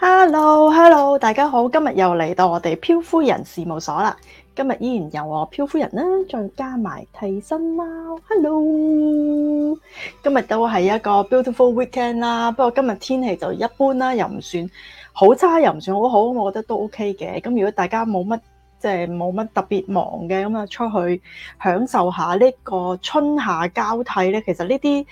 Hello，Hello，hello, 大家好，今日又嚟到我哋漂夫人事務所啦。今日依然由我漂夫人啦，再加埋替身貓。Hello，今日都係一個 beautiful weekend 啦。不過今日天氣就一般啦，又唔算好差，又唔算好好，我覺得都 OK 嘅。咁如果大家冇乜即係冇乜特別忙嘅，咁啊出去享受一下呢個春夏交替咧，其實呢啲。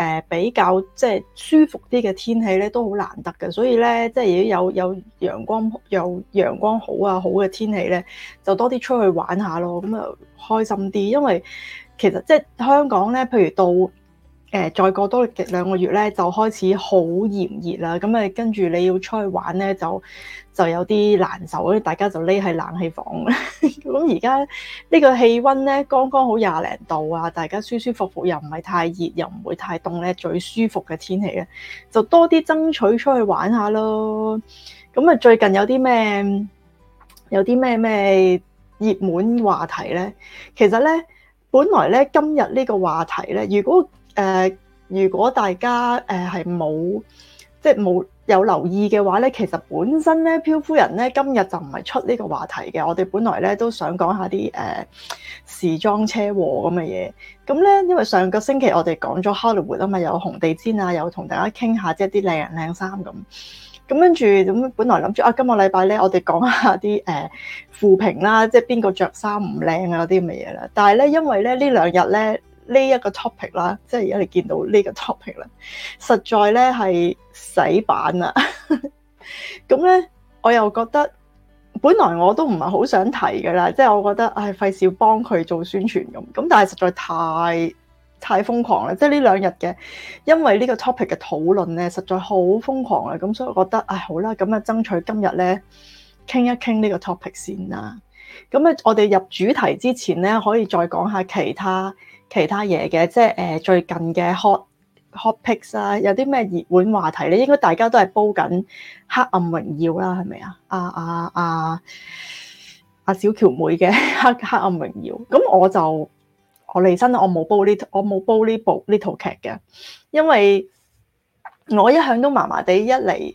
誒比較即係、就是、舒服啲嘅天氣咧，都好難得嘅，所以咧，即係如果有有陽光有陽光好啊好嘅天氣咧，就多啲出去玩一下咯，咁啊開心啲，因為其實即係、就是、香港咧，譬如到。誒再過多兩個月咧，就開始好炎熱啦。咁誒跟住你要出去玩咧，就就有啲難受。咁大家就匿喺冷氣房。咁而家呢個氣温咧，剛剛好廿零度啊，大家舒舒服服，又唔係太熱，又唔會太凍咧，最舒服嘅天氣咧，就多啲爭取出去玩下咯。咁啊，最近有啲咩有啲咩咩熱門話題咧？其實咧，本來咧今日呢個話題咧，如果誒、呃，如果大家誒係冇即係冇有，有留意嘅話咧，其實本身咧，漂夫人咧今日就唔係出呢個話題嘅。我哋本來咧都想講下啲誒、呃、時裝車禍咁嘅嘢。咁咧，因為上個星期我哋講咗 Hollywood 啊嘛，有紅地毯啊，有同大家傾下即係啲靚人靚衫咁。咁跟住咁，本來諗住啊，今個禮拜咧我哋講下啲誒、呃、負評啦，即係邊個着衫唔靚啊啲咁嘅嘢啦。但係咧，因為咧呢兩日咧。呢、這、一個 topic 啦，即係而家你見到呢個 topic 啦，實在咧係洗版啦。咁 咧，我又覺得本來我都唔係好想提㗎啦，即、就、係、是、我覺得唉，費事幫佢做宣傳咁。咁但係實在太太瘋狂啦，即係呢兩日嘅，因為這個的討論呢個 topic 嘅討論咧，實在好瘋狂啦。咁所以我覺得唉、哎、好啦，咁啊爭取今日咧傾一傾呢個 topic 先啦。咁啊，我哋入主題之前咧，可以再講下其他。其他嘢嘅，即係誒最近嘅 hot hot picks 啦，有啲咩熱門話題咧？應該大家都係煲緊《黑暗榮耀》啦，係咪啊？啊啊，阿阿小喬妹嘅《黑黑暗榮耀》咁，我就我離身我冇煲呢，我冇煲呢部呢套劇嘅，因為我一向都麻麻地一嚟，即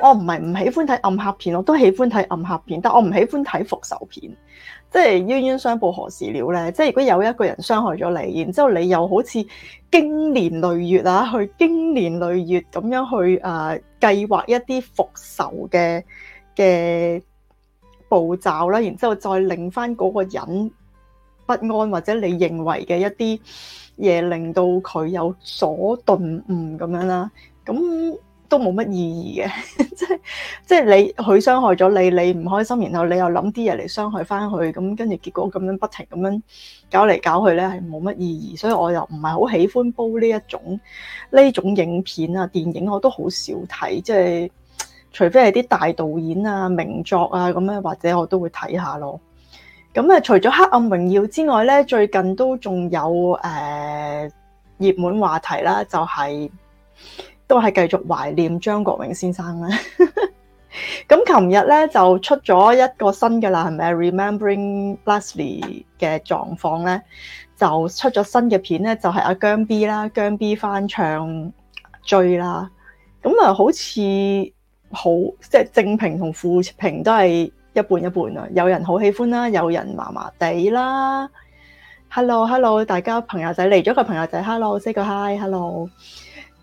係我唔係唔喜歡睇暗黑片，我都喜歡睇暗黑片，但我唔喜歡睇復仇片。即係冤冤相報何時了呢？即係如果有一個人傷害咗你，然之後你又好似經年累月啊，去經年累月咁樣去啊計劃一啲復仇嘅嘅步驟啦，然之後再令返嗰個人不安，或者你認為嘅一啲嘢令到佢有所頓悟咁樣啦，咁。都冇乜意義嘅，即係即係你佢傷害咗你，你唔開心，然後你又諗啲嘢嚟傷害翻佢，咁跟住結果咁樣不停咁樣搞嚟搞去咧，係冇乜意義。所以我又唔係好喜歡煲呢一種呢種影片啊，電影我都好少睇，即係除非係啲大導演啊、名作啊咁樣，或者我都會睇下咯。咁啊，除咗《黑暗榮耀》之外咧，最近都仲有誒熱門話題啦，就係。都係繼續懷念張國榮先生啦。咁琴日咧就出咗一個新嘅啦，係咪？Remembering Leslie 嘅狀況咧，就出咗新嘅片咧，就係、是、阿、啊、姜 B 啦，姜 B 翻唱追啦。咁啊，好似好即係正評同負評都係一半一半啊。有人好喜歡啦，有人麻麻地啦。Hello，Hello，hello, 大家朋友仔嚟咗個朋友仔，Hello，say 個 Hi，Hello。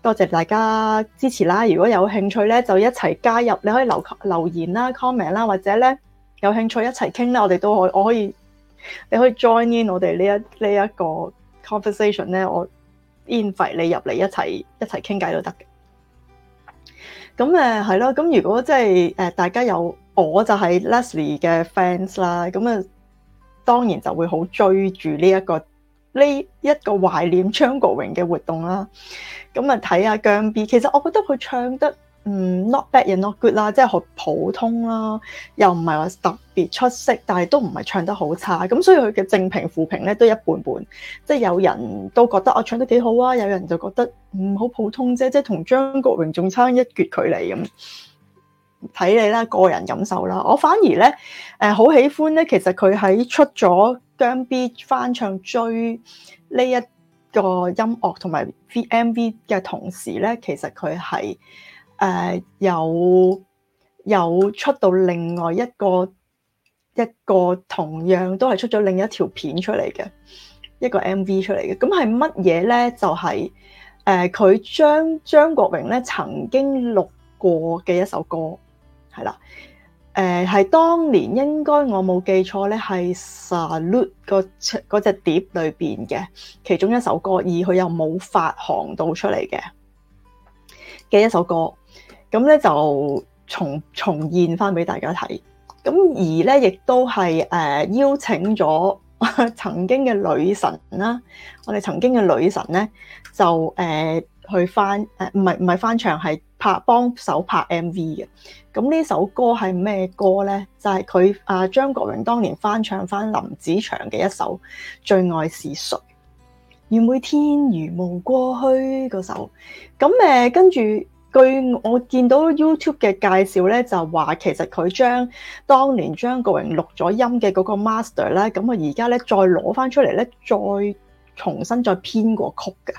多謝大家支持啦！如果有興趣咧，就一齊加入，你可以留言留言啦、comment 啦，或者咧有興趣一齊傾咧，我哋都可以，我可以，你可以 join in 我哋呢一呢一,一個 conversation 咧，我 invite 你入嚟一齊一齊傾偈都得嘅。咁誒係咯，咁如果即係誒大家有我就係 Leslie 嘅 fans 啦，咁啊當然就會好追住呢一個。呢一個懷念張國榮嘅活動啦，咁啊睇下姜 B。其實我覺得佢唱得唔、嗯、not bad and not good 啦，即係好普通啦，又唔係話特別出色，但係都唔係唱得好差。咁所以佢嘅正評負評咧都一半半，即係有人都覺得我唱得幾好啊，有人就覺得唔好、嗯、普通啫，即係同張國榮仲差一截距離咁。睇你啦，個人感受啦。我反而咧誒好喜歡咧，其實佢喺出咗。姜 B 翻唱追呢一個音樂同埋 VMV 嘅同時咧，其實佢係誒有有出到另外一個一個同樣都係出咗另一條片出嚟嘅一個 MV 出嚟嘅。咁係乜嘢咧？就係誒佢將張國榮咧曾經錄過嘅一首歌，係啦。誒、呃、係當年應該我冇記錯咧，係 Salute 嗰隻碟裏邊嘅其中一首歌，而佢又冇發行到出嚟嘅嘅一首歌，咁咧就重重現翻俾大家睇。咁而咧亦都係誒、呃、邀請咗曾經嘅女神啦，我哋曾經嘅女神咧就誒、呃、去翻誒唔係唔係，翻唱係。拍幫手拍 MV 嘅，咁呢首歌係咩歌呢？就係、是、佢啊，張國榮當年翻唱翻林子祥嘅一首《最愛是誰》，而每天如夢過去嗰首。咁誒、啊，跟住據我見到 YouTube 嘅介紹呢，就話其實佢將當年張國榮錄咗音嘅嗰個 master 呢。咁佢而家呢，再攞翻出嚟呢，再重新再編過曲㗎。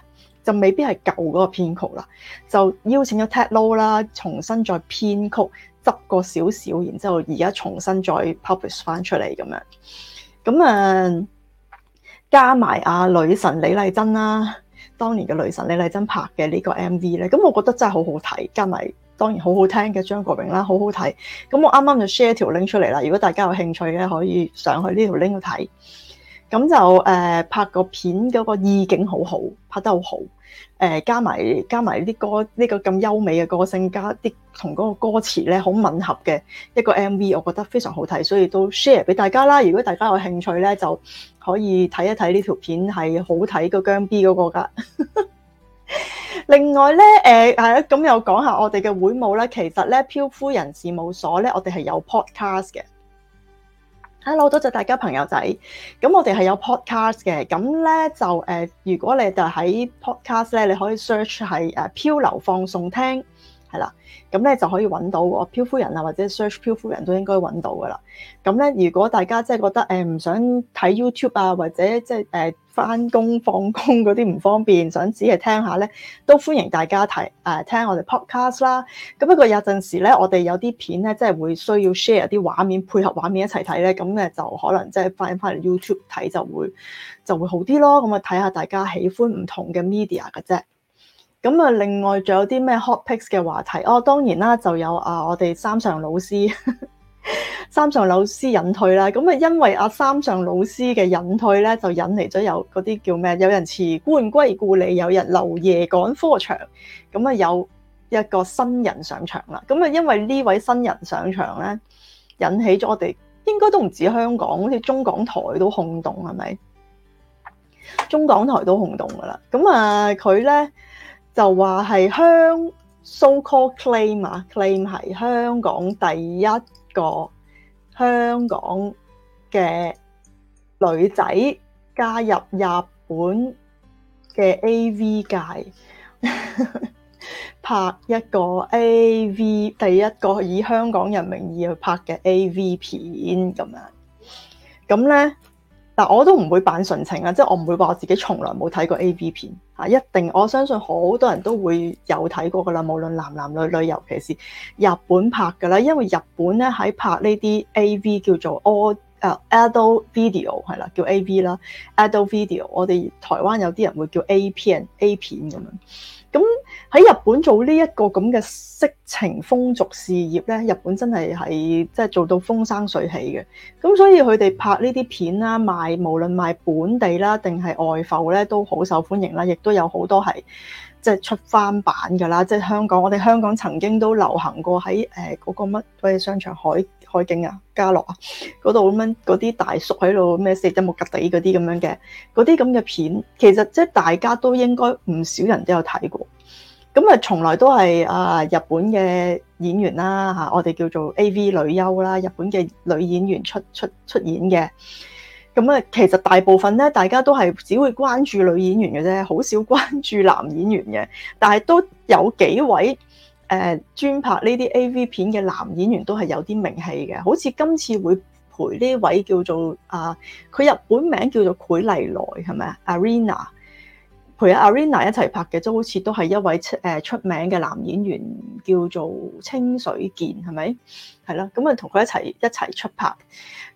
就未必係舊嗰個編曲啦，就邀請咗 Ted Law 啦，重新再編曲，執過少少，然之後而家重新再 publish 翻出嚟咁樣。咁、嗯、誒，加埋阿、啊、女神李麗珍啦，當年嘅女神李麗珍拍嘅呢個 MV 咧，咁我覺得真係好好睇，加埋當然好好聽嘅張國榮啦，好好睇。咁我啱啱就 share 條 link 出嚟啦，如果大家有興趣咧，可以上去呢條 link 睇。咁就、呃、拍個片嗰個意境好好，拍得好好。呃、加埋加埋啲歌，呢、呢個咁優美嘅歌聲加啲同嗰個歌詞咧好吻合嘅一個 MV，我覺得非常好睇，所以都 share 俾大家啦。如果大家有興趣咧，就可以睇一睇呢條片，係好睇個姜 B 嗰個噶。 另外咧，係、呃、咁又講下我哋嘅會務啦。其實咧，漂夫人事務所咧，我哋係有 podcast 嘅。hello，多謝大家朋友仔，咁我哋係有 podcast 嘅，咁咧就誒、呃、如果你就喺 podcast 咧，你可以 search 係誒漂流放送聽啦，咁咧就可以揾到我漂夫人啊，或者 search 漂夫人，都應該揾到噶啦。咁咧，如果大家即係覺得誒唔、呃、想睇 YouTube 啊，或者即係誒翻工放工嗰啲唔方便，想只係聽一下咧，都歡迎大家睇誒、呃、聽我哋 podcast 啦。咁不過有陣時咧，我哋有啲片咧，即、就、係、是、會需要 share 啲畫面配合畫面一齊睇咧，咁嘅就可能即係翻翻嚟 YouTube 睇就會就會好啲咯。咁啊，睇下大家喜歡唔同嘅 media 嘅啫。咁啊，另外仲有啲咩 hot picks 嘅話題哦？當然啦，就有啊，我哋三上老師 三上老師隱退啦。咁啊，因為阿、啊、三上老師嘅隱退咧，就引嚟咗有嗰啲叫咩？有人辭官歸故里，有人漏夜趕科場。咁啊，有一個新人上場啦。咁啊，因為呢位新人上場咧，引起咗我哋應該都唔止香港，好似中港台都轟動，係咪？中港台都轟動噶啦。咁啊，佢咧。就話係香 so called claim 啊，claim 係香港第一個香港嘅女仔加入日本嘅 AV 界， 拍一個 AV，第一個以香港人名義去拍嘅 AV 片咁樣，咁咧。但我都唔會扮純情啊，即係我唔會話我自己從來冇睇過 A V 片，一定我相信好多人都會有睇過噶啦，無論男男女女，尤其是日本拍㗎啦，因為日本咧喺拍呢啲 A V 叫做 all、uh, adult video 係啦，叫 A V 啦 adult video，我哋台灣有啲人會叫 APN, A 片 A 片咁樣咁喺日本做呢一個咁嘅色情風俗事業咧，日本真係係即係做到風生水起嘅。咁所以佢哋拍呢啲片啦，賣無論賣本地啦定係外埠咧，都好受歡迎啦。亦都有好多係即係出翻版㗎啦。即係香港，我哋香港曾經都流行過喺誒嗰個乜乜嘢商場海。海景啊，家樂啊，嗰度咁樣，嗰啲大叔喺度咩，四石木格地嗰啲咁樣嘅，嗰啲咁嘅片，其實即係大家都應該唔少人都有睇過。咁啊，從來都係啊日本嘅演員啦，嚇我哋叫做 A.V. 女優啦，日本嘅女演員出出出演嘅。咁啊，其實大部分咧，大家都係只會關注女演員嘅啫，好少關注男演員嘅。但係都有幾位。誒、呃、專拍呢啲 A.V 片嘅男演員都係有啲名氣嘅，好似今次會陪呢位叫做啊，佢日本名叫做繪麗奈係咪啊，Erena 陪阿 Erena 一齊拍嘅，好都好似都係一位出名嘅男演員叫做清水健係咪？係啦，咁啊同佢一齊一齊出拍，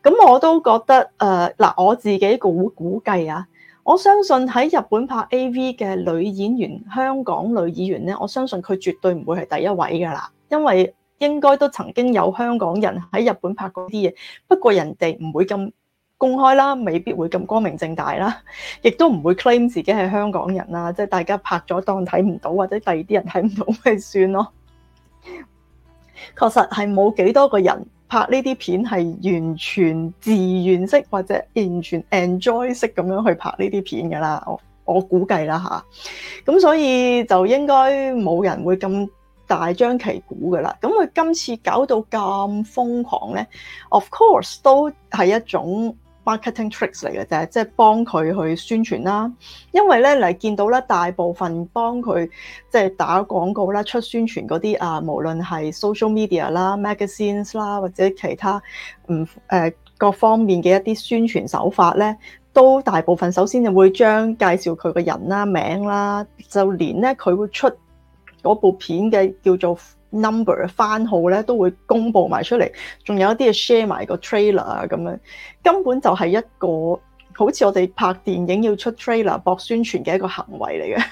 咁我都覺得誒嗱、呃，我自己估估計啊。我相信喺日本拍 AV 嘅女演員，香港女演員咧，我相信佢絕對唔會係第一位噶啦，因為應該都曾經有香港人喺日本拍過啲嘢，不過人哋唔會咁公開啦，未必會咁光明正大啦，亦都唔會 claim 自己係香港人啦，即係大家拍咗當睇唔到，或者第二啲人睇唔到咪算咯，確實係冇幾多個人。拍呢啲片係完全自願式或者完全 enjoy 式咁樣去拍呢啲片㗎啦，我我估計啦吓，咁所以就應該冇人會咁大張旗鼓㗎啦。咁佢今次搞到咁瘋狂咧，of course 都係一種。Marketing tricks 嚟嘅啫，即係幫佢去宣傳啦。因為咧嚟見到咧，大部分幫佢即係打廣告啦、出宣傳嗰啲啊，無論係 social media 啦、magazines 啦或者其他唔誒各方面嘅一啲宣傳手法咧，都大部分首先就會將介紹佢個人啦、名啦，就連咧佢會出嗰部片嘅叫做 number 翻號咧都會公布埋出嚟，仲有一啲嘅 share 埋個 trailer 啊咁樣，根本就係一個好似我哋拍電影要出 trailer 博宣傳嘅一個行為嚟嘅，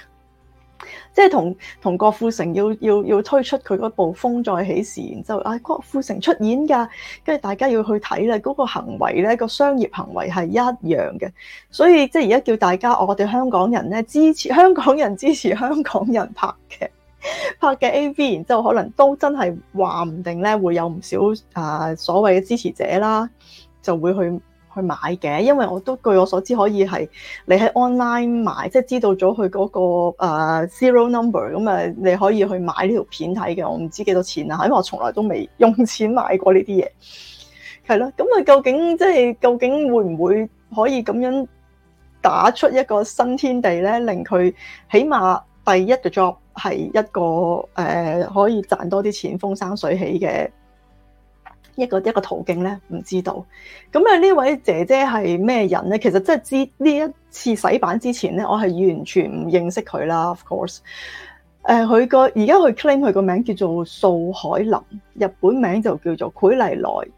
即 係同同郭富城要要要推出佢嗰部《風再起時》，然之後啊郭富城出演㗎，跟住大家要去睇啦，嗰、嗰個行為咧、嗰個商業行為係一樣嘅，所以即係而家叫大家我哋香港人咧支持香港人支持香港人拍劇。拍嘅 AV 然之後可能都真係話唔定咧，會有唔少啊、呃、所謂嘅支持者啦，就會去去買嘅。因為我都據我所知可以係你喺 online 買，即係知道咗佢嗰個誒、uh, zero number 咁啊，你可以去買呢條片睇嘅。我唔知幾多錢啊，因為我從來都未用錢買過呢啲嘢。係咯，咁啊，究竟即係究竟會唔會可以咁樣打出一個新天地咧？令佢起碼。第一個 job 係一個誒、呃、可以賺多啲錢風生水起嘅一個一個途徑咧，唔知道。咁啊呢位姐姐係咩人咧？其實真係知呢一次洗版之前咧，我係完全唔認識佢啦。Of course，誒佢個而家佢 claim 佢個名叫做素海霖，日本名就叫做繪麗奈。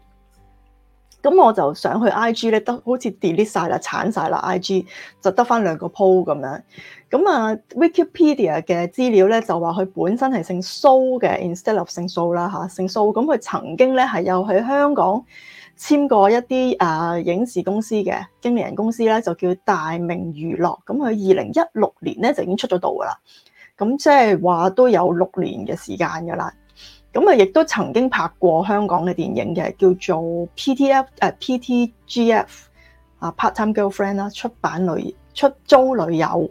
咁我就上去 IG 咧，好似 delete 晒啦，鏟晒啦，IG 就得翻兩個 po 咁樣。咁啊，Wikipedia 嘅資料咧就話佢本身係姓蘇嘅，instead of 姓蘇啦吓，姓蘇。咁佢曾經咧係有喺香港簽過一啲啊影視公司嘅經理人公司咧，就叫大明娛樂。咁佢二零一六年咧就已經出咗道噶啦，咁即係話都有六年嘅時間噶啦。咁啊，亦都曾經拍過香港嘅電影嘅，叫做 PTF 誒 PTGF 啊，part time girlfriend 啦，出版旅出租女友，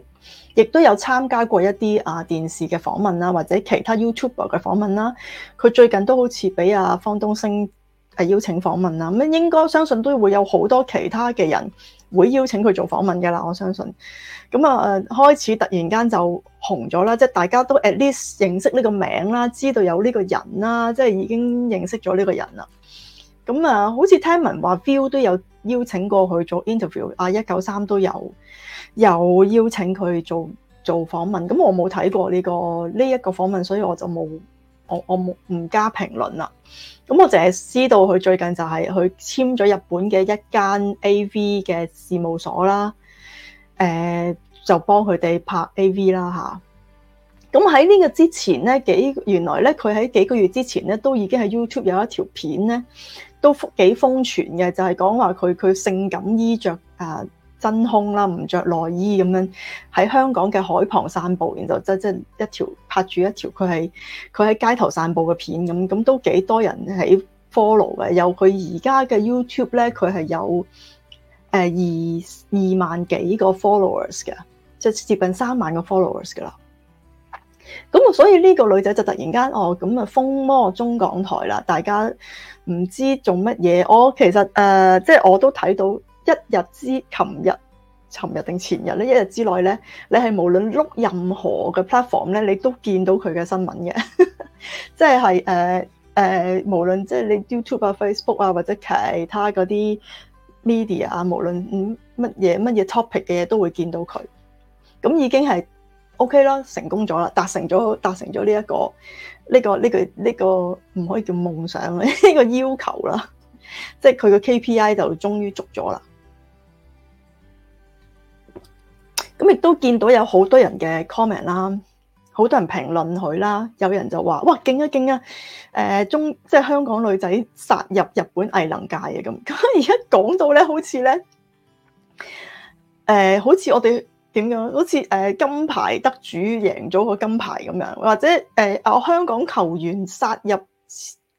亦都有參加過一啲啊電視嘅訪問啦，或者其他 YouTuber 嘅訪問啦。佢最近都好似俾阿方東升誒邀請訪問啦。咁應該相信都會有好多其他嘅人。會邀請佢做訪問嘅啦，我相信。咁啊，開始突然間就紅咗啦，即係大家都 at least 認識呢個名啦，知道有呢個人啦，即係已經認識咗呢個人啦。咁啊，好似聽聞話 Viu 都有邀請過佢做 interview，啊一九三都有有邀請佢做做訪問。咁我冇睇過呢、呢個呢一、呢個訪問，所以我就冇。我我冇唔加評論啦，咁我淨係知道佢最近就係佢簽咗日本嘅一間 AV 嘅事務所啦，誒、呃、就幫佢哋拍 AV 啦，吓，咁喺呢個之前咧，幾原來咧佢喺幾個月之前咧都已經喺 YouTube 有一條片咧都幾瘋傳嘅，就係講話佢佢性感衣着。啊。真空啦，唔着內衣咁樣喺香港嘅海旁散步，然後即即一條拍住一條，佢係佢喺街頭散步嘅片咁，咁都幾多人喺 follow 嘅。有佢而家嘅 YouTube 咧，佢係有誒二二萬幾個 followers 嘅，即、就是、接近三萬個 followers 噶啦。咁啊，所以呢個女仔就突然間哦，咁啊，風魔中港台啦，大家唔知做乜嘢。我其實誒，即、呃就是、我都睇到。一日之琴日，琴日定前日呢一日之內咧，你係無論碌任何嘅 platform 咧，你都見到佢嘅新聞嘅， 即係誒誒，無論即係你 YouTube 啊、Facebook 啊，或者其他嗰啲 media 啊，無論乜嘢乜嘢 topic 嘅嘢，的東西都會見到佢。咁已經係 OK 啦，成功咗啦，達成咗達成咗呢一個呢個呢個呢個唔可以叫夢想嘅呢 個要求啦， 即係佢個 KPI 就終於足咗啦。咁亦都見到有好多人嘅 comment 啦，好多人評論佢啦。有人就話：哇，勁啊勁啊！誒、呃、中即係香港女仔殺入日本藝能界嘅咁。咁而家講到咧、呃，好似咧誒，好似我哋點樣？好似誒、呃、金牌得主贏咗個金牌咁樣，或者誒啊、呃、香港球員殺入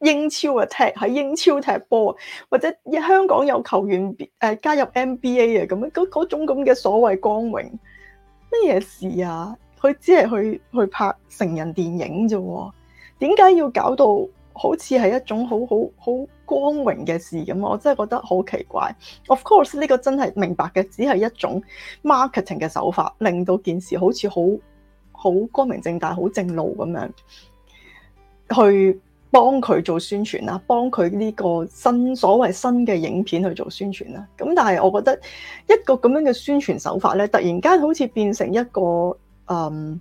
英超啊，踢喺英超踢波，或者香港有球員誒、呃、加入 NBA 啊，咁嗰嗰種咁嘅所謂光榮。咩嘢事啊？佢只係去去拍成人電影啫，點解要搞到好似係一種好好好光榮嘅事咁？我真係覺得好奇怪。Of course，呢個真係明白嘅，只係一種 marketing 嘅手法，令到件事好似好好光明正大、好正路咁樣去。幫佢做宣傳啦，幫佢呢個新所謂新嘅影片去做宣傳啦。咁但係，我覺得一個咁樣嘅宣傳手法咧，突然間好似變成一個誒、嗯、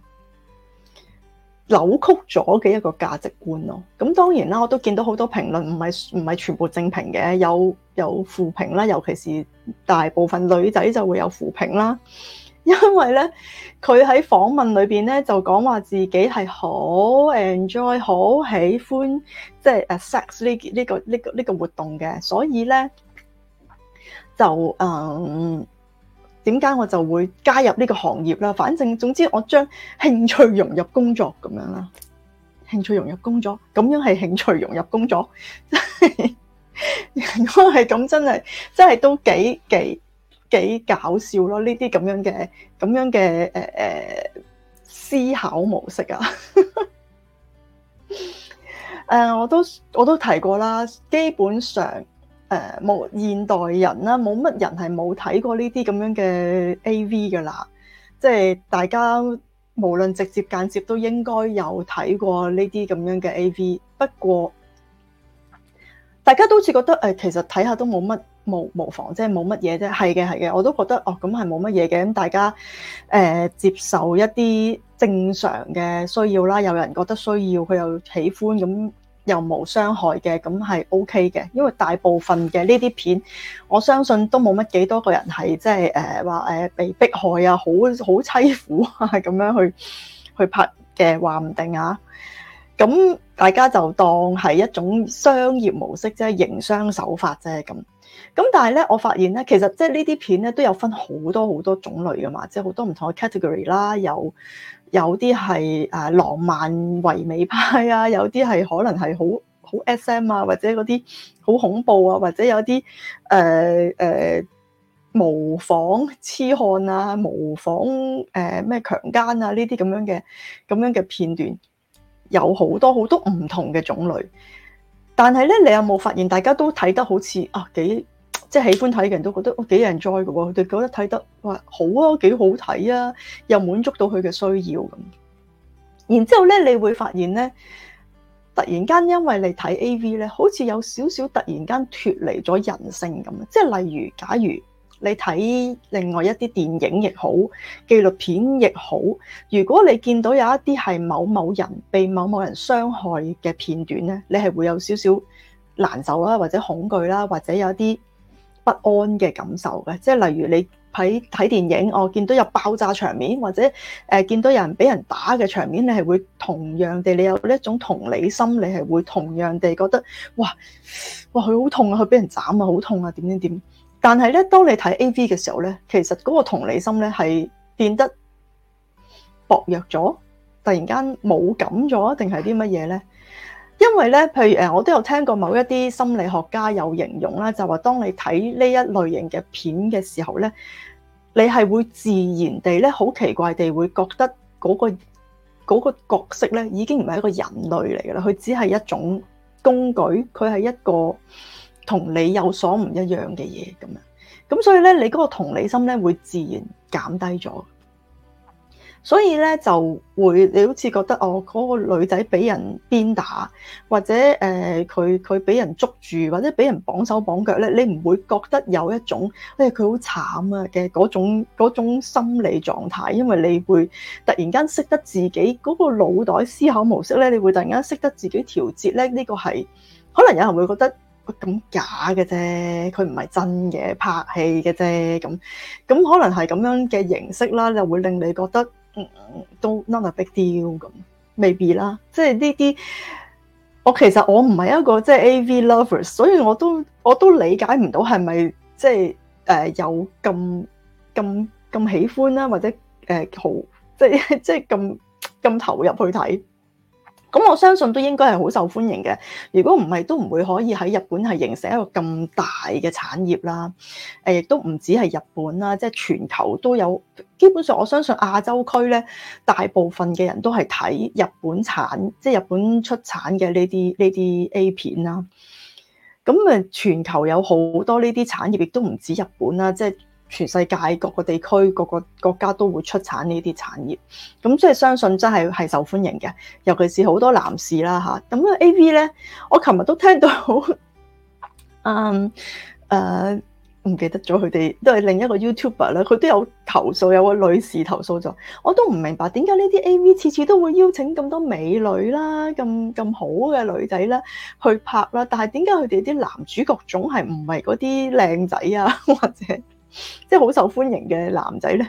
扭曲咗嘅一個價值觀咯。咁當然啦，我都見到好多評論唔係唔係全部正評嘅，有有負評啦，尤其是大部分女仔就會有負評啦。因為咧，佢喺訪問裏邊咧就講話自己係好 enjoy，好喜歡即係誒 sex 呢呢個呢個呢個活動嘅，所以咧就誒點解我就會加入呢個行業啦？反正總之我將興趣融入工作咁樣啦，興趣融入工作咁樣係興趣融入工作，如果係咁真係真係都幾幾。幾搞笑咯！呢啲咁樣嘅咁樣嘅誒誒思考模式啊，誒、 呃，我都我都提過啦。基本上誒，冇、呃、現代人啦，冇乜人係冇睇過呢啲咁樣嘅 A V 噶啦。即、就、係、是、大家無論直接間接都應該有睇過呢啲咁樣嘅 A V。不過大家都好似覺得誒、呃，其實睇下都冇乜。無，無妨，即係冇乜嘢啫。係嘅，係嘅，我都覺得哦，咁係冇乜嘢嘅。咁大家誒、呃、接受一啲正常嘅需要啦，有人覺得需要，佢又喜歡，咁又冇傷害嘅，咁係 OK 嘅。因為大部分嘅呢啲片，我相信都冇乜幾多個人係即係誒話誒被迫害啊，好好淒苦啊咁樣去去拍嘅，話唔定啊。咁大家就當係一種商業模式即啫，即係、營商手法啫咁。咁但係咧，我發現咧，其實即係呢啲片咧都有分好多好多種類噶嘛，即係好多唔同嘅 category 啦。有有啲係啊浪漫唯美派啊，有啲係可能係好好 SM 啊，或者嗰啲好恐怖啊，或者有啲誒誒模仿痴漢啊，模仿誒咩、呃、強姦啊呢啲咁樣嘅咁樣嘅片段。有好多好多唔同嘅種類，但係咧，你有冇發現大家都睇得好似啊幾即係喜歡睇嘅人都覺得幾人哉 j 喎，佢哋覺得睇得哇好啊幾好睇啊，又滿足到佢嘅需要咁。然之後咧，你會發現咧，突然間因為你睇 A V 咧，好似有少少突然間脫離咗人性咁。即係例如，假如。你睇另外一啲電影亦好，紀錄片亦好。如果你見到有一啲係某某人被某某人傷害嘅片段咧，你係會有少少難受啦，或者恐懼啦，或者有一啲不安嘅感受嘅。即係例如你喺睇電影，我見到有爆炸場面，或者誒見到有人俾人打嘅場面，你係會同樣地，你有一種同理心，你係會同樣地覺得，哇哇佢好痛啊，佢俾人斬啊，好痛啊，點點點。但係咧，當你睇 AV 嘅時候咧，其實嗰個同理心咧係變得薄弱咗，突然間冇感咗，定係啲乜嘢咧？因為咧，譬如誒，我都有聽過某一啲心理學家有形容啦，就話當你睇呢一類型嘅片嘅時候咧，你係會自然地咧，好奇怪地會覺得嗰個嗰個角色咧，已經唔係一個人類嚟噶啦，佢只係一種工具，佢係一個。同你有所唔一樣嘅嘢咁樣，咁所以咧，你嗰個同理心咧會自然減低咗。所以咧就會你好似覺得哦，嗰個女仔俾人鞭打，或者誒佢佢俾人捉住，或者俾人綁手綁腳咧，你唔會覺得有一種誒佢好慘啊嘅嗰種嗰種心理狀態，因為你會突然間識得自己嗰個腦袋思考模式咧，你會突然間識得自己調節咧，呢個係可能有人會覺得。咁假嘅啫，佢唔係真嘅，拍戲嘅啫，咁咁可能係咁樣嘅形式啦，就會令你覺得，嗯，都 not a big deal 咁，未必啦，即係呢啲，我其實我唔係一個即係 AV lovers，所以我都我都理解唔到係咪即係誒、呃，有咁咁咁喜歡啦，或者誒、呃、好，即係即係咁咁投入去睇。咁我相信都應該係好受歡迎嘅。如果唔係，都唔會可以喺日本係形成一個咁大嘅產業啦。誒，亦都唔止係日本啦，即係全球都有。基本上我相信亞洲區咧，大部分嘅人都係睇日本產，即係日本出產嘅呢啲呢啲 A 片啦。咁啊，全球有好多呢啲產業，亦都唔止日本啦，即係。全世界各個地區、各個國家都會出產呢啲產業，咁即係相信真係係受歡迎嘅。尤其是好多男士啦吓，咁個 A V 咧，我琴日都聽到，嗯，誒、啊、唔記得咗佢哋都係另一個 YouTuber 咧，佢都有投訴，有個女士投訴咗，我都唔明白點解呢啲 A V 次次都會邀請咁多美女啦，咁咁好嘅女仔啦去拍啦，但係點解佢哋啲男主角總係唔係嗰啲靚仔啊，或者？即係好受歡迎嘅男仔咧，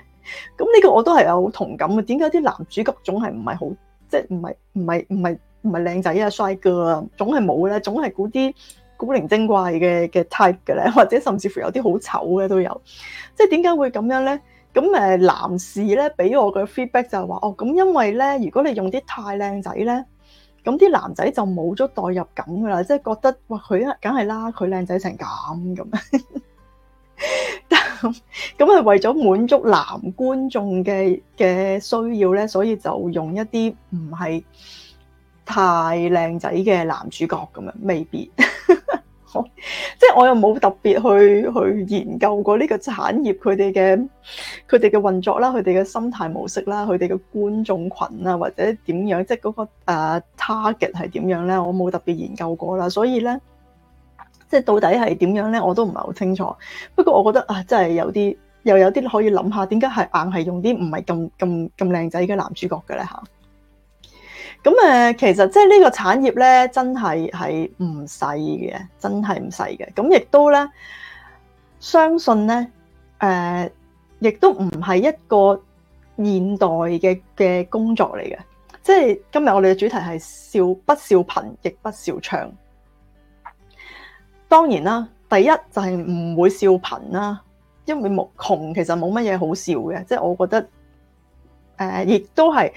咁呢個我都係有同感啊！點解啲男主角總係唔係好，即係唔係唔係唔係唔係靚仔啊，帥哥啊，總係冇嘅咧，總係嗰啲古靈精怪嘅嘅 type 嘅咧，或者甚至乎有啲好醜嘅都有。即係點解會咁樣咧？咁誒，男士咧俾我嘅 feedback 就係話哦，咁因為咧，如果你用啲太靚仔咧，咁啲男仔就冇咗代入感噶啦，即係覺得哇，佢啊，梗係啦，佢靚仔成咁咁。咁咁係為咗滿足男觀眾嘅嘅需要咧，所以就用一啲唔係太靚仔嘅男主角咁樣未必，即 係我又冇特別去去研究過呢個產業佢哋嘅佢哋嘅運作啦，佢哋嘅心態模式啦，佢哋嘅觀眾群啊，或者點樣，即係嗰個誒 target 係點樣咧，我冇特別研究過啦，所以咧。即係到底係點樣咧？我都唔係好清楚。不過我覺得啊，真係有啲又有啲可以諗下，點解係硬係用啲唔係咁咁咁靚仔嘅男主角嘅咧吓？咁誒、呃，其實即係呢個產業咧，真係係唔細嘅，真係唔細嘅。咁亦都咧，相信咧，誒、呃，亦都唔係一個現代嘅嘅工作嚟嘅。即係今日我哋嘅主題係笑不笑貧，亦不笑娼。當然啦，第一就係唔會笑貧啦，因為窮其實冇乜嘢好笑嘅，即係我覺得，誒、呃，亦都係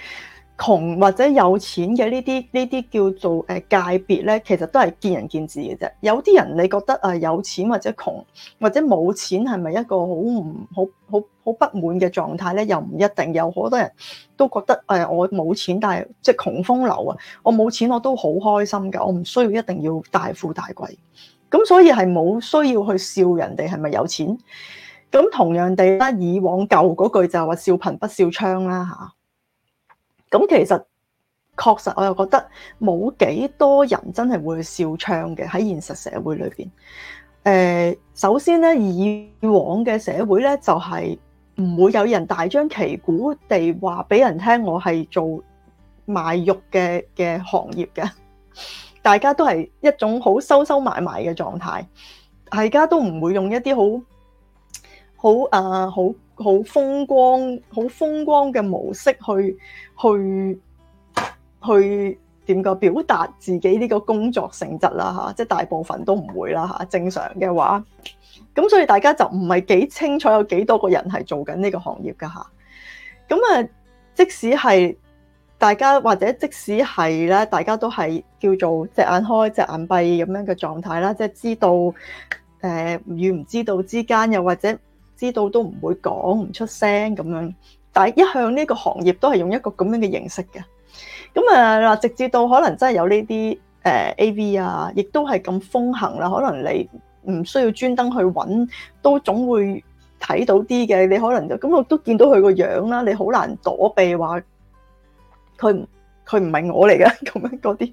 窮或者有錢嘅呢啲呢啲叫做誒界別咧，其實都係見仁見智嘅啫。有啲人你覺得啊有錢或者窮或者冇錢係咪一個好唔好好好不滿嘅狀態咧？又唔一定，有好多人都覺得誒、呃，我冇錢但係即係窮風流啊，我冇錢我都好開心㗎，我唔需要一定要大富大貴。咁所以係冇需要去笑人哋係咪有錢？咁同樣地咧，以往舊嗰句就話笑貧不笑娼啦吓，咁其實確實我又覺得冇幾多人真係會笑娼嘅喺現實社會裏邊。誒、呃，首先咧，以往嘅社會咧就係唔會有人大張旗鼓地話俾人聽我係做賣肉嘅嘅行業嘅。大家都係一種好收收埋埋嘅狀態，大家都唔會用一啲好好啊好好風光好風光嘅模式去去去點個表達自己呢個工作性質啦嚇，即、啊、係、就是、大部分都唔會啦嚇、啊。正常嘅話，咁所以大家就唔係幾清楚有幾多個人係做緊呢個行業㗎嚇。咁啊，即使係。大家或者即使係咧，大家都係叫做隻眼開隻眼閉咁樣嘅狀態啦，即係知道誒與唔知道之間，又或者知道都唔會講唔出聲咁樣。但係一向呢個行業都係用一個咁樣嘅形式嘅，咁啊嗱，直至到可能真係有呢啲誒 A V 啊，亦都係咁風行啦。可能你唔需要專登去揾，都總會睇到啲嘅。你可能就咁我都見到佢個樣啦，你好難躲避話。佢唔佢唔係我嚟噶，咁樣嗰啲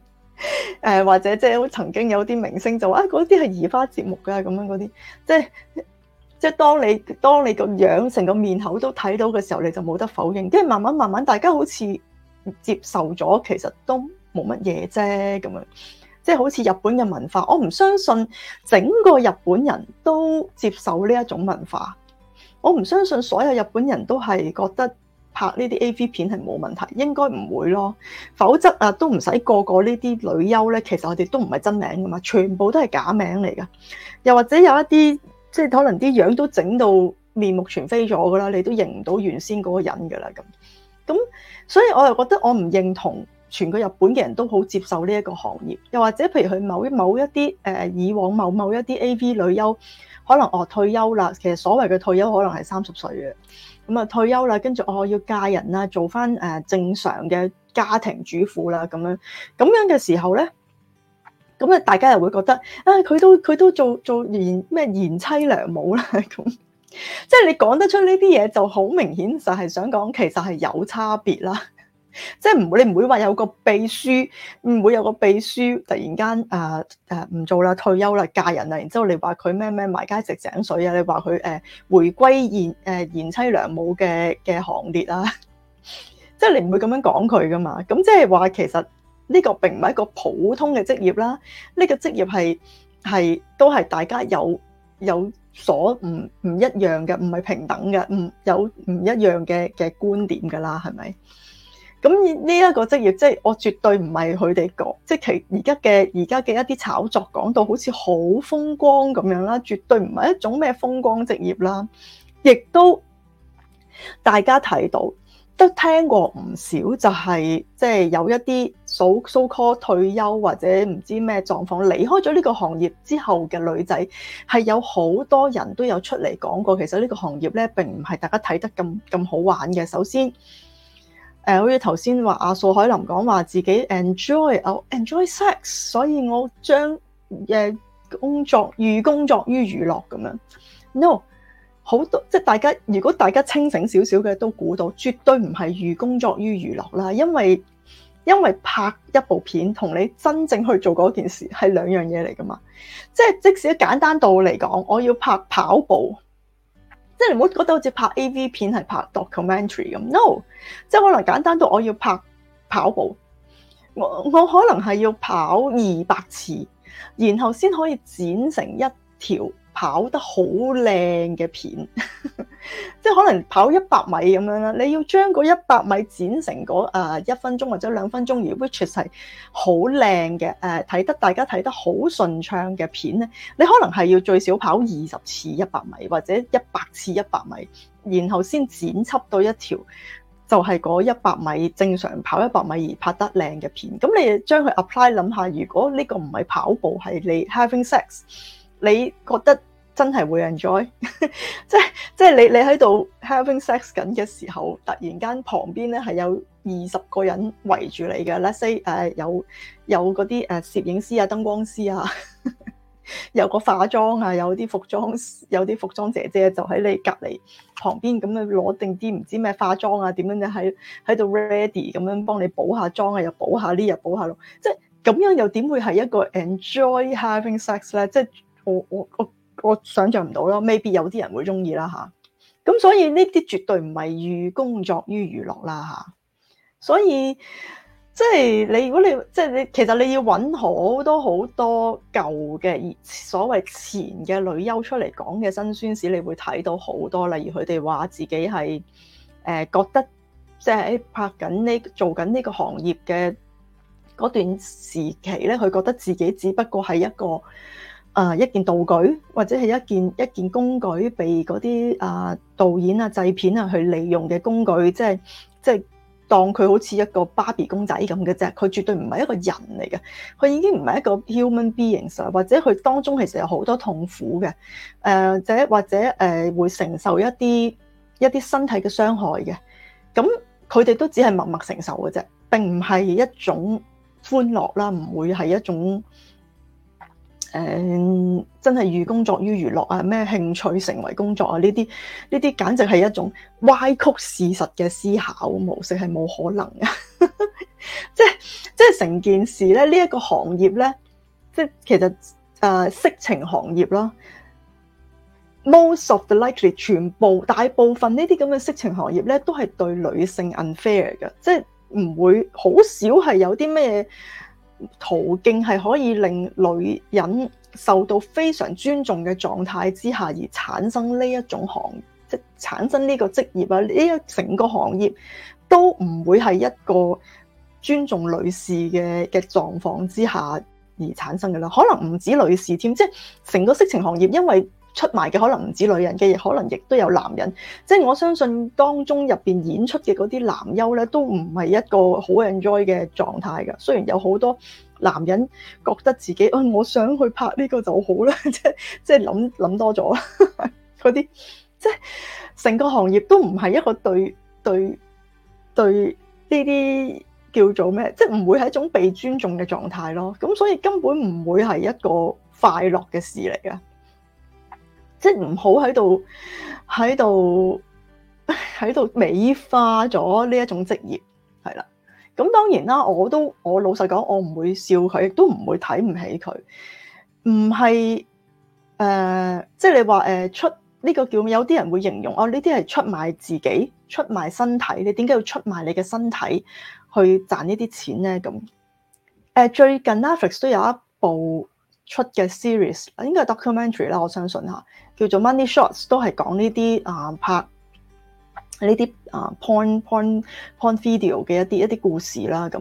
誒，或者即係好曾經有啲明星就話嗰啲係移花接木噶，咁樣嗰啲，即係即係當你當你個樣成個面口都睇到嘅時候，你就冇得否認。跟住慢慢慢慢，大家好似接受咗，其實都冇乜嘢啫，咁樣即係、就是、好似日本嘅文化，我唔相信整個日本人都接受呢一種文化，我唔相信所有日本人都係覺得。拍呢啲 AV 片係冇問題，應該唔會咯。否則啊，都唔使個個呢啲女優咧，其實我哋都唔係真名噶嘛，全部都係假名嚟噶。又或者有一啲即係可能啲樣都整到面目全非咗噶啦，你都認唔到原先嗰個人噶啦咁。咁所以我又覺得我唔認同全個日本嘅人都好接受呢一個行業。又或者譬如佢某某一啲誒、呃、以往某某一啲 AV 女優，可能我退休啦，其實所謂嘅退休可能係三十歲嘅。咁啊退休啦，跟住我要嫁人啦，做翻誒正常嘅家庭主婦啦，咁樣咁樣嘅時候咧，咁啊大家又會覺得啊佢都佢都做做賢咩賢妻良母啦，咁即係你講得出呢啲嘢就好明顯，就係想講其實係有差別啦。即係唔會，你唔會話有個秘書，唔會有個秘書突然間誒誒唔做啦，退休啦，嫁人啦，然之後你話佢咩咩埋街食井水啊？你話佢誒回歸賢誒賢妻良母嘅嘅行列啦，即係你唔會咁樣講佢噶嘛？咁即係話其實呢個並唔係一個普通嘅職業啦。呢個職業係係都係大家有有所唔唔一樣嘅，唔係平等嘅，唔有唔一樣嘅嘅觀點噶啦，係咪？咁呢一個職業，即、就、係、是、我絕對唔係佢哋講，即係其而家嘅而家嘅一啲炒作，講到好似好風光咁樣啦，絕對唔係一種咩風光職業啦，亦都大家睇到都聽過唔少、就是，就係即係有一啲 so so call 退休或者唔知咩狀況離開咗呢個行業之後嘅女仔，係有好多人都有出嚟講過，其實呢個行業咧並唔係大家睇得咁咁好玩嘅，首先。誒，好似頭先話阿素海霖講話自己 enjoy 我 enjoy sex，所以我將誒工作寓工作於娛樂咁樣。No，好多即係大家如果大家清醒少少嘅都估到，絕對唔係寓工作於娛樂啦，因為因為拍一部片同你真正去做嗰件事係兩樣嘢嚟噶嘛。即係即使簡單到嚟講，我要拍跑步。即係你唔好覺得好似拍 AV 片係拍 documentary 咁，no，即係可能簡單到我要拍跑步，我我可能係要跑二百次，然後先可以剪成一條，跑得好靚嘅片， 即係可能跑一百米咁樣啦。你要將嗰一百米剪成嗰一分鐘或者兩分鐘而 which 係好靚嘅誒，睇得大家睇得好順暢嘅片咧，你可能係要最少跑二十次一百米或者一百次一百米，然後先剪輯到一條就係嗰一百米正常跑一百米而拍得靚嘅片。咁你將佢 apply 諗下，如果呢個唔係跑步，係你 having sex。你覺得真係會 enjoy？ 即係即係你你喺度 having sex 緊嘅時候，突然間旁邊咧係有二十個人圍住你嘅，Let's say，誒有有嗰啲誒攝影師啊、燈光師啊， 有個化妝啊，有啲服裝有啲服裝姐姐就喺你隔離旁邊咁樣攞定啲唔知咩化妝啊，點樣就喺喺度 ready 咁樣幫你補下妝啊，又補下呢、這個，又補下咯、這個。即係咁樣又點會係一個 enjoy having sex 咧？即係。我我我我想象唔到咯，未必有啲人會中意啦吓，咁、啊、所以呢啲絕對唔係寓工作於娛樂啦吓、啊，所以即係你如果你即係你其實你要揾好多好多舊嘅所謂前嘅女優出嚟講嘅辛酸史，你會睇到好多，例如佢哋話自己係誒、呃、覺得即係、喺、拍緊呢、呢個、做緊呢個行業嘅嗰段時期咧，佢覺得自己只不過係一個。啊，一件道具或者係一件一件工具，被嗰啲啊導演啊製片啊去利用嘅工具，即係即係當佢好似一個芭比公仔咁嘅啫。佢絕對唔係一個人嚟嘅，佢已經唔係一個 human beings 啦，或者佢當中其實有好多痛苦嘅，誒、呃，或者或者誒會承受一啲一啲身體嘅傷害嘅。咁佢哋都只係默默承受嘅啫，並唔係一種歡樂啦，唔會係一種。誒、嗯，真係寓工作於娛樂啊？咩興趣成為工作啊？呢啲呢啲，簡直係一種歪曲事實嘅思考模式，係冇可能嘅。 即係即係成件事咧，呢、這、一個行業咧，即係其實誒、啊、色情行業啦，most of the likely 全部大部分呢啲咁嘅色情行業咧，都係對女性 unfair 嘅，即係唔會好少係有啲咩。途徑係可以令女人受到非常尊重嘅狀態之下而產生呢一種行業，即產生呢個職業啊！呢一整個行業都唔會係一個尊重女士嘅嘅狀況之下而產生嘅啦。可能唔止女士添，即係成個色情行業因為。出埋嘅可能唔止女人嘅，亦可能亦都有男人。即係我相信當中入邊演出嘅嗰啲男優咧，都唔係一個好 enjoy 嘅狀態噶雖然有好多男人覺得自己啊、哎，我想去拍呢個就好啦，即係即係諗諗多咗嗰啲，即係成 個行業都唔係一個對對對呢啲叫做咩，即係唔會係一種被尊重嘅狀態咯。咁所以根本唔會係一個快樂嘅事嚟嘅。即係唔好喺度，喺度，喺度美化咗呢一種職業，係啦。咁當然啦，我都我老實講，我唔會笑佢，亦都唔會睇唔起佢。唔係誒，即係你話誒、呃，出呢、這個叫有啲人會形容哦，呢啲係出賣自己、出賣身體。你點解要出賣你嘅身體去賺呢啲錢咧？咁誒、呃，最近 Netflix 都有一部。出嘅 series 啊，應該係 documentary 啦，我相信吓，叫做 Money Shots 都係講呢啲啊，拍呢啲啊 point point point video 嘅一啲一啲故事啦咁，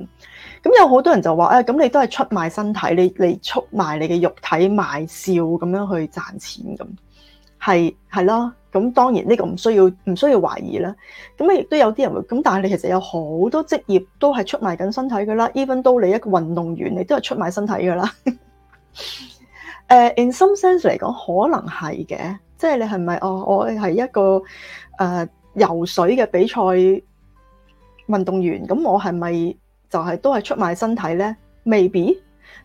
咁有好多人就話啊，咁、哎、你都係出賣身體，你你出賣你嘅肉體賣笑咁樣去賺錢咁，係係咯，咁當然呢個唔需要唔需要懷疑啦，咁啊亦都有啲人會咁，但係你其實有好多職業都係出賣緊身體噶啦，even 都你一個運動員，你都係出賣身體噶啦。 誒、uh,，in some sense 嚟講，可能係嘅，即係你係咪哦？我係一個誒、呃、游水嘅比賽運動員，咁我係咪就係都係出賣身體咧？未必。Maybe.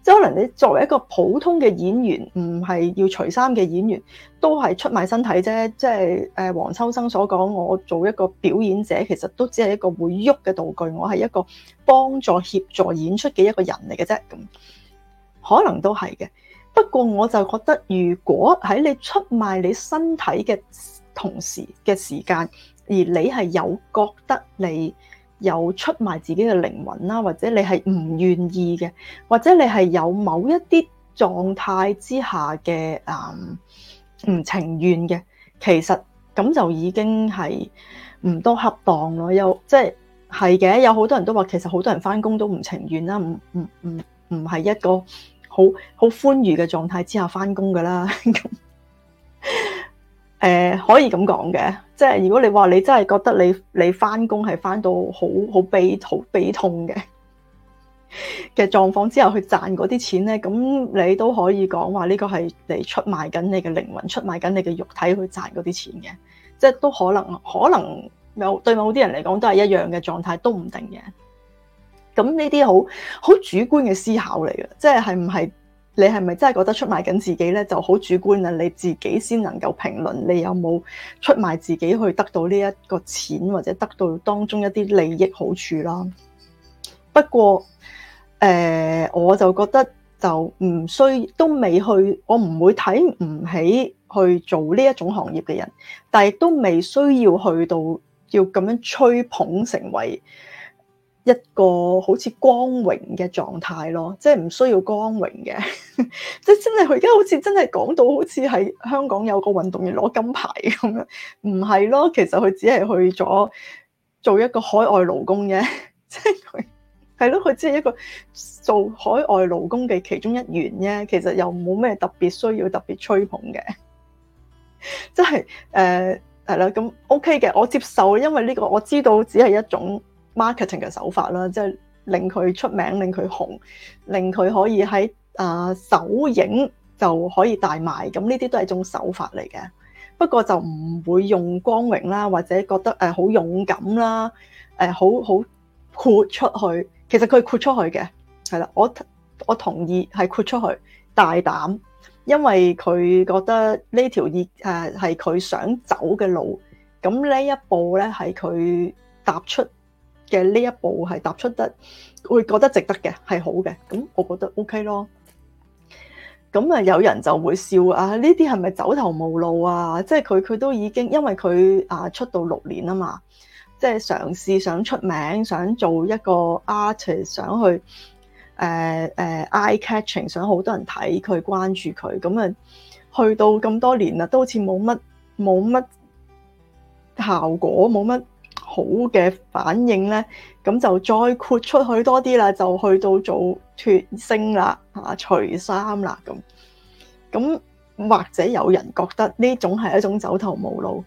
即係可能你作為一個普通嘅演員，唔係要除衫嘅演員，都係出賣身體啫。即係誒，黃、呃、秋生所講，我做一個表演者，其實都只係一個會喐嘅道具，我係一個幫助協助演出嘅一個人嚟嘅啫。咁。可能都係嘅，不過我就覺得，如果喺你出賣你身體嘅同時嘅時間，而你係有覺得你有出賣自己嘅靈魂啦，或者你係唔願意嘅，或者你係有某一啲狀態之下嘅誒唔情願嘅，其實咁就已經係唔多恰當咯。有即係係嘅，有好多人都話，其實好多人返工都唔情願啦，唔唔唔唔係一個。好好寬裕嘅狀態之下翻工㗎啦，誒可以咁講嘅，即係如果你話你真係覺得你你翻工係翻到好好悲好悲痛嘅嘅狀況之後去賺嗰啲錢咧，咁你都可以講話呢個係你出賣緊你嘅靈魂，出賣緊你嘅肉體去賺嗰啲錢嘅，即係都可能可能有對某啲人嚟講都係一樣嘅狀態，都唔定嘅。咁呢啲好好主觀嘅思考嚟嘅，即係係唔係你係咪真係覺得出賣緊自己咧，就好主觀啊你自己先能夠評論你有冇出賣自己去得到呢一個錢或者得到當中一啲利益好處啦。不過誒、呃、我就覺得就唔需都未去，我唔會睇唔起去做呢一種行業嘅人，但係都未需要去到要咁樣吹捧成為。一個好似光榮嘅狀態咯，即係唔需要光榮嘅， 即係真係佢而家好似真係講到好似係香港有個運動員攞金牌咁樣，唔係咯，其實佢只係去咗做一個海外勞工嘅，即係佢係咯，佢只係一個做海外勞工嘅其中一員啫，其實又冇咩特別需要特別吹捧嘅，即係誒係啦，咁、呃、OK 嘅，我接受，因為呢個我知道只係一種。Marketing 嘅手法啦，即、就、係、是、令佢出名、令佢紅，令佢可以喺啊首映就可以大賣，咁呢啲都係一種手法嚟嘅。不過就唔會用光榮啦，或者覺得誒好、呃、勇敢啦，誒好好豁出去。其實佢係豁出去嘅，係啦，我我同意係豁出去、大膽，因為佢覺得呢條熱誒係佢想走嘅路，咁呢一步咧係佢踏出嘅呢一步係踏出得，會覺得值得嘅，係好嘅。咁我覺得 OK 咯。咁啊，有人就會笑啊，呢啲係咪走投無路啊？即係佢佢都已經，因為佢啊出道六年啊嘛，即係嘗試想出名，想做一個 artist，想去誒誒、呃呃、eye catching，想好多人睇佢、關注佢。咁啊，去到咁多年啦，都好似冇乜冇乜效果，冇乜。好嘅反應呢，咁就再豁出去多啲啦，就去到做脫星啦，吓除衫啦咁。咁或者有人覺得呢種係一種走投無路，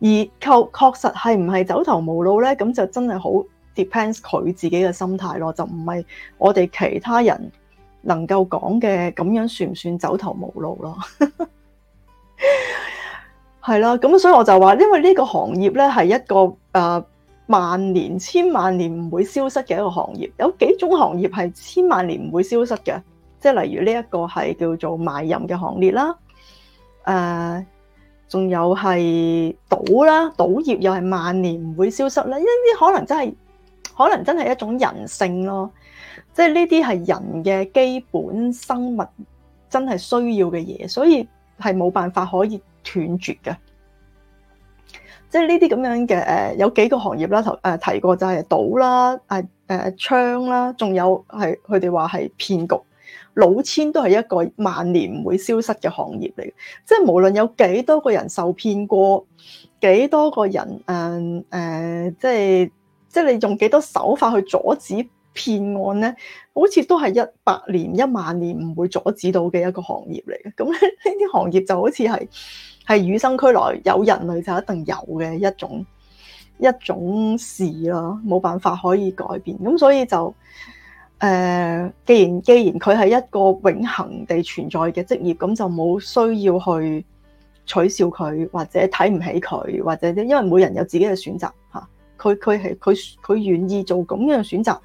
而確確實係唔係走投無路呢，咁就真係好 depends 佢自己嘅心態咯，就唔係我哋其他人能夠講嘅咁樣算唔算走投無路咯？ 係啦，咁所以我就話，因為呢個行業咧係一個誒、呃、萬年千萬年唔會消失嘅一個行業。有幾種行業係千萬年唔會消失嘅，即係例如呢一個係叫做賣淫嘅行列啦，誒、呃，仲有係賭啦，賭業又係萬年唔會消失啦。呢啲可能真係，可能真係一種人性咯，即係呢啲係人嘅基本生物真係需要嘅嘢，所以係冇辦法可以斷絕嘅，即係呢啲咁樣嘅誒，有幾個行業啦，頭誒提過就係賭啦，誒誒槍啦，仲、啊、有係佢哋話係騙局，老千都係一個萬年唔會消失嘅行業嚟。即係無論有幾多個人受騙過，幾多個人誒誒、啊啊，即係即係你用幾多手法去阻止騙案咧，好似都係一百年一萬年唔會阻止到嘅一個行業嚟嘅，咁呢啲行業就好似係。係與生俱來有人類就一定有嘅一種一種事咯，冇辦法可以改變。咁所以就誒、呃，既然既然佢係一個永恒地存在嘅職業，咁就冇需要去取笑佢，或者睇唔起佢，或者因為每人有自己嘅選擇吓，佢佢係佢佢願意做咁樣嘅選擇。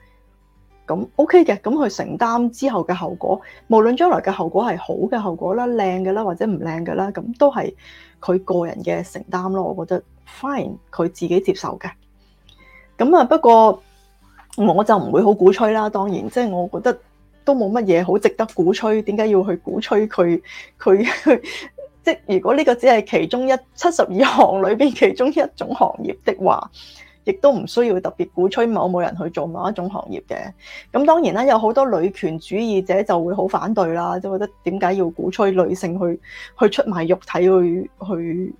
咁 OK 嘅，咁佢承擔之後嘅後果，無論將來嘅後果係好嘅後果啦、靚嘅啦，或者唔靚嘅啦，咁都係佢個人嘅承擔咯。我覺得反而佢自己接受嘅。咁啊，不過我就唔會好鼓吹啦。當然，即係我覺得都冇乜嘢好值得鼓吹。點解要去鼓吹佢？佢即係如果呢個只係其中一七十二行裏邊其中一種行業的話。亦都唔需要特別鼓吹某某人去做某一種行業嘅。咁當然啦，有好多女權主義者就會好反對啦，就覺得點解要鼓吹女性去去出賣肉體去去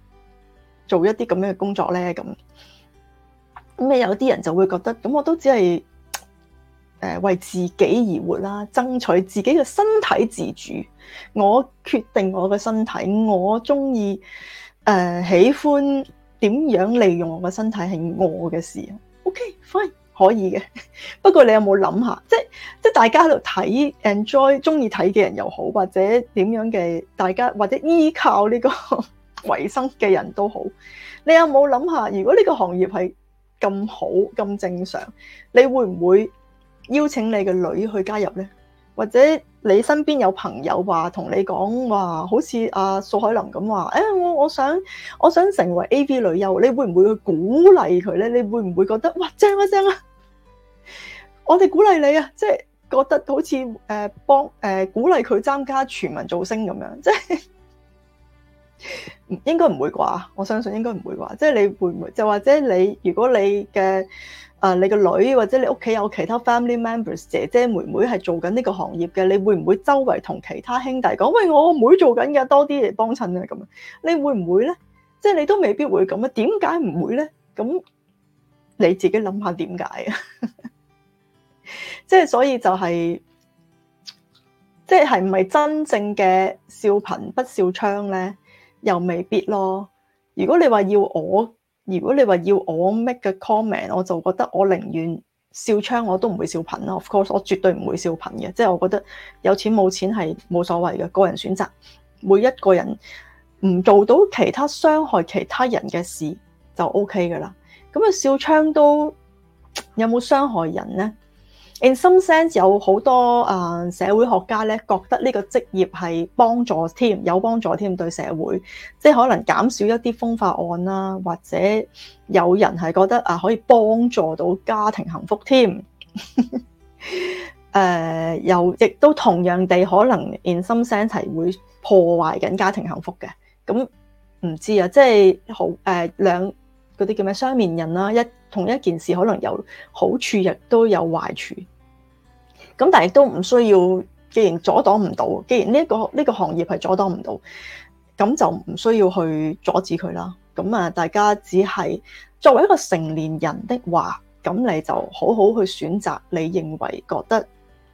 做一啲咁樣嘅工作咧？咁咁有啲人就會覺得，咁我都只係誒為自己而活啦，爭取自己嘅身體自主，我決定我嘅身體，我中意誒喜歡，呃喜歡點樣利用我個身體係我嘅事 o、okay, k fine 可以嘅。 不過你有冇諗下，即即大家喺度睇、enjoy、中意睇嘅人又好，或者點樣嘅大家，或者依靠呢、呢個 維生嘅人都好，你有冇諗下？如果呢個行業係咁好咁正常，你會唔會邀請你嘅女去加入呢？或者你身邊有朋友話同你講話，好似阿素海霖咁話，誒、哎、我我想我想成為 AV 女優，你會唔會去鼓勵佢咧？你會唔會覺得哇正啊正啊？我哋鼓勵你啊，即係覺得好似誒幫誒鼓勵佢參加全民造星咁樣，即係應該唔會啩？我相信應該唔會啩。即係你會唔會？就或者你如果你嘅。啊！你個女或者你屋企有其他 family members 姐姐妹妹係做緊呢個行業嘅，你會唔會周圍同其他兄弟講？喂，我阿妹做緊嘅，多啲嚟幫襯啊！咁你會唔會咧？即係你都未必會咁啊？點解唔會咧？咁你自己諗下點解啊？即 係所以就係即係係咪真正嘅笑貧不笑娼咧？又未必咯。如果你話要我。如果你話要我 make 個 comment，我就覺得我寧願笑娼我都唔會笑貧啦。Of course，我絕對唔會笑貧嘅，即係我覺得有錢冇錢係冇所謂嘅個人選擇。每一個人唔做到其他傷害其他人嘅事就 OK 嘅啦。咁啊，笑娼都有冇傷害人呢？In some sense，有好多啊、呃、社會學家咧覺得呢個職業係幫助添，有幫助添對社會，即係可能減少一啲風化案啦，或者有人係覺得啊、呃、可以幫助到家庭幸福添。誒、 呃，又亦都同樣地可能 in some sense 係會破壞緊家庭幸福嘅。咁、嗯、唔知啊，即係好誒兩。呃兩嗰啲叫咩雙面人啦，一同一件事可能有好處，亦都有壞處。咁但係亦都唔需要，既然阻擋唔到，既然呢一個呢個行業係阻擋唔到，咁就唔需要去阻止佢啦。咁啊，大家只係作為一個成年人的話，咁你就好好去選擇你認為覺得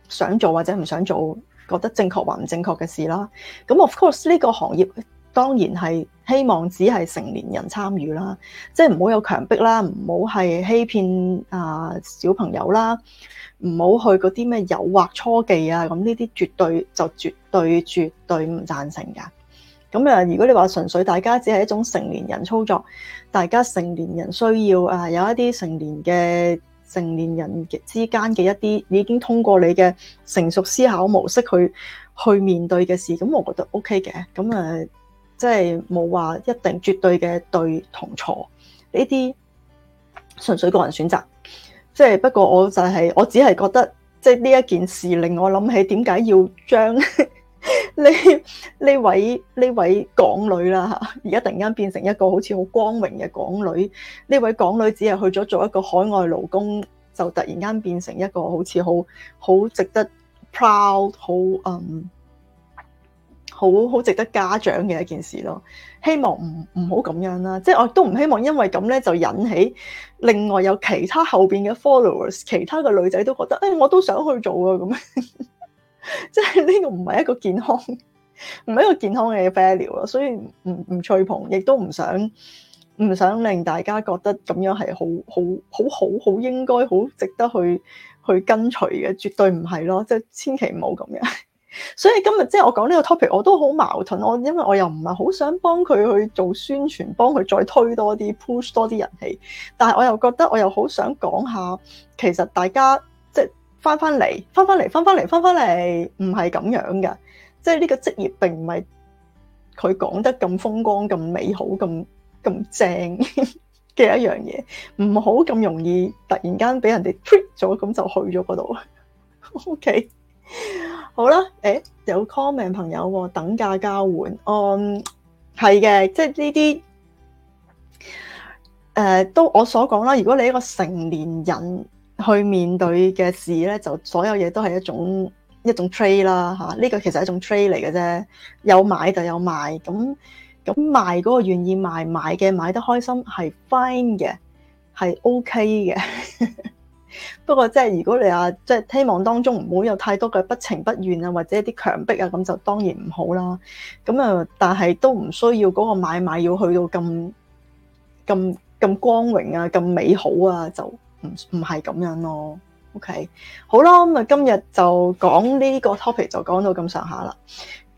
想做或者唔想做，覺得正確或唔正確嘅事啦。咁 of course 呢個行業，當然係希望只係成年人參與啦，即係唔好有強迫啦，唔好係欺騙啊小朋友啦，唔好去嗰啲咩誘惑初技啊，咁呢啲絕對就絕對絕對唔贊成㗎。咁誒，如果你話純粹大家只係一種成年人操作，大家成年人需要啊有一啲成年嘅成年人之間嘅一啲已經通過你嘅成熟思考模式去去面對嘅事，咁我覺得 OK 嘅，咁誒。即係冇話一定絕對嘅對同錯，呢啲純粹個人選擇。即、就、係、是、不過我就係、是、我只係覺得，即係呢一件事令我諗起點解要將呢呢位呢位港女啦吓，而家突然間變成一個好似好光榮嘅港女。呢位港女只係去咗做一個海外勞工，就突然間變成一個好似好好值得 proud 好嗯。Um, 好好值得家長嘅一件事咯，希望唔唔好咁樣啦，即係我都唔希望因為咁咧就引起另外有其他後邊嘅 followers，其他嘅女仔都覺得，誒、哎、我都想去做啊咁，即係呢個唔係一個健康，唔係一個健康嘅 value 咯，所以唔唔吹捧，亦都唔想唔想令大家覺得咁樣係好好好好好應該好值得去去跟隨嘅，絕對唔係咯，即係千祈唔好咁樣。所以今日即係我講呢個 topic，我都好矛盾。我因為我又唔係好想幫佢去做宣傳，幫佢再推多啲 push 多啲人氣，但係我又覺得我又好想講下，其實大家即係翻翻嚟，翻翻嚟，翻翻嚟，翻翻嚟，唔係咁樣嘅，即係呢個職業並唔係佢講得咁風光、咁美好、咁咁正嘅一樣嘢，唔好咁容易突然間俾人哋 pick 咗，咁就去咗嗰度。O K。好啦，誒、欸、有 comment 朋友喎，等價交換，嗯，係嘅，即係呢啲誒都我所講啦。如果你一個成年人去面對嘅事咧，就所有嘢都係一種一種 trade 啦，嚇、啊。呢、呢個其實係一種 trade 嚟嘅啫，有買就有賣，咁咁賣嗰個願意賣買嘅買得開心係 fine 嘅，係 OK 嘅。 不過即係如果你啊，即係希望當中唔好有太多嘅不情不願啊，或者一啲強迫啊，咁就當然唔好啦。咁啊，但係都唔需要嗰個買賣要去到咁咁咁光榮啊，咁美好啊，就唔唔係咁樣咯。OK，好啦，咁啊，今日就講呢個 topic 就講到咁上下啦。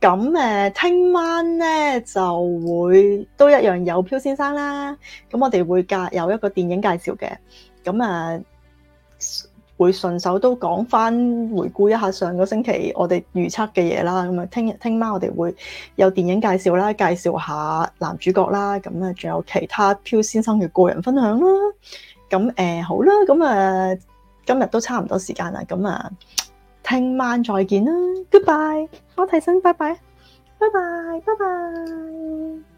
咁誒，聽晚咧就會都一樣有漂先生啦。咁我哋會隔有一個電影介紹嘅，咁啊。會順手都講翻回顧一下上個星期我哋預測嘅嘢啦。咁啊，聽日聽晚我哋會有電影介紹啦，介紹下男主角啦。咁啊，仲有其他漂先生嘅個人分享啦。咁誒、欸，好啦，咁啊，今日都差唔多時間啦。咁啊，聽晚再見啦，Goodbye。我提醒，拜拜，拜拜，拜拜。